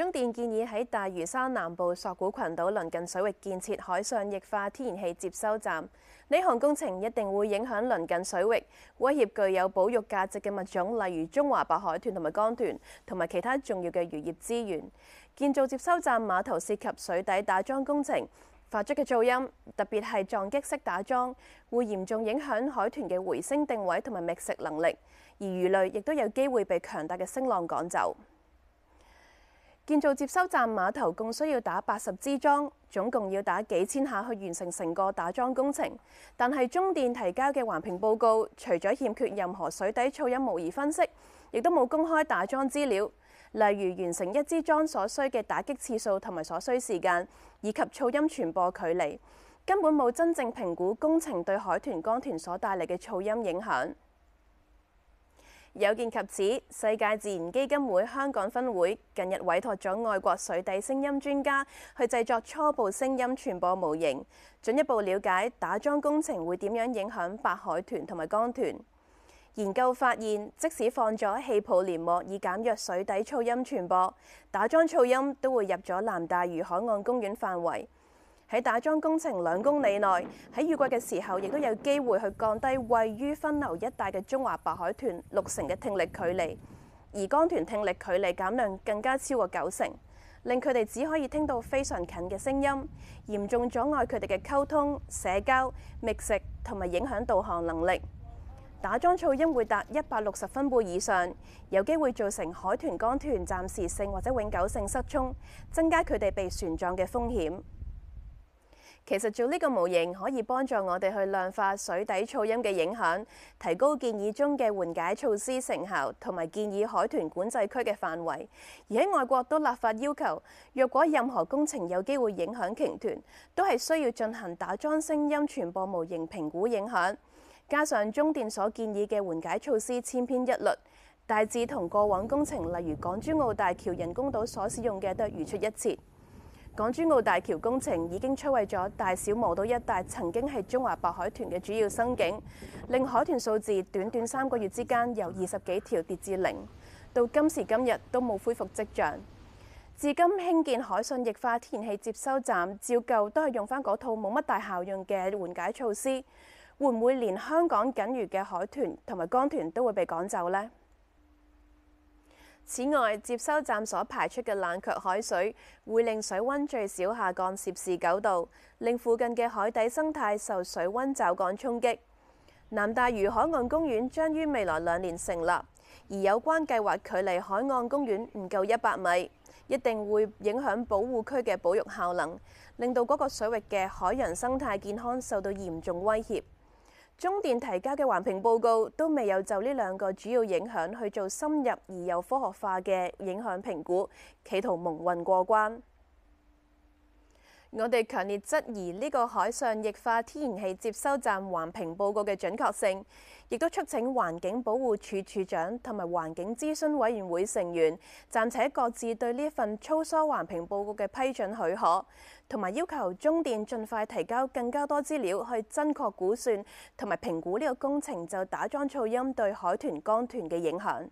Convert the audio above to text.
中電建議喺大嶼山南部索罟群島鄰近水域建設海上液化天然氣接收站。呢項工程一定會影響鄰近水域，威脅具有保育價值嘅物種，例如中華白海豚同埋江豚，同埋其他重要嘅漁業資源。建造接收站碼頭涉及水底打樁工程，發出嘅噪音，特別係撞擊式打樁，會嚴重影響海豚嘅回聲定位同埋覓食能力，而魚類亦都有機會被強大嘅聲浪趕走。建造接收站碼頭共需要打八十支樁，總共要打幾千下去完成成個打樁工程。但係中電提交嘅環評報告，除咗欠缺任何水底噪音模擬分析，亦都冇公開打樁資料，例如完成一支樁所需嘅打擊次數同埋所需時間，以及噪音傳播距離，根本冇真正評估工程對海豚、江豚所帶嚟嘅噪音影響。有見及此，世界自然基金會香港分會近日委託咗外國水底聲音專家去製作初步聲音傳播模型，進一步了解打樁工程會點樣影響白海豚同埋江豚。研究發現，即使放咗氣泡簾幕以減弱水底噪音傳播，打樁噪音都會入咗南大嶼海岸公園範圍。喺打樁工程兩公里內，喺雨季嘅時候，亦都有機會去降低位於分流一帶嘅中華白海豚六成嘅聽力距離，而江豚聽力距離減量更加超過九成，令佢哋只可以聽到非常近嘅聲音，嚴重阻礙佢哋嘅溝通、社交、覓食同埋影響導航能力。打樁噪音會達一百六十分貝以上，有機會造成海豚、江豚暫時性或者永久性失聰，增加佢哋被船撞嘅風險。其實做呢個模型可以幫助我哋去量化水底噪音嘅影響，提高建議中嘅緩解措施成效，同埋建議海豚管制區嘅範圍。而喺外國都立法要求，若果任何工程有機會影響鯨豚，都係需要進行打樁聲音傳播模型評估影響。加上中電所建議嘅緩解措施千篇一律，大致同過往工程例如港珠澳大橋人工島所使用嘅都係如出一轍。港珠澳大橋工程已經摧毀咗大小磨島一帶曾經係中華白海豚嘅主要生境，令海豚數字短短三個月之間由二十幾條跌至零，到今時今日都冇恢復跡象。至今興建海上液化天然氣接收站，照舊都係用返嗰套冇乜大效用嘅緩解措施，會唔會連香港僅餘嘅海豚同埋江豚都會被趕走呢？此外，接收站所排出嘅冷卻海水會令水溫最少下降攝氏九度，令附近嘅海底生態受水溫驟降衝擊。南大嶼海岸公園將於未來兩年成立，而有關計劃距離海岸公園唔夠一百米，一定會影響保護區嘅保育效能，令到嗰個水域嘅海洋生態健康受到嚴重威脅。中電提交嘅環評報告都未有就呢兩個主要影響去做深入而又科學化嘅影響評估，企圖蒙混過關。我哋強烈質疑呢個海上液化天然氣接收站環評報告嘅準確性，亦都促請環境保護署署署長同埋環境諮詢委員會成員暫且各自對呢一份粗疏環評報告嘅批准許可可，同埋要求中電盡快提交更加多資料去真確估算同埋評估呢個工程就打樁噪音對海豚、江豚嘅影響。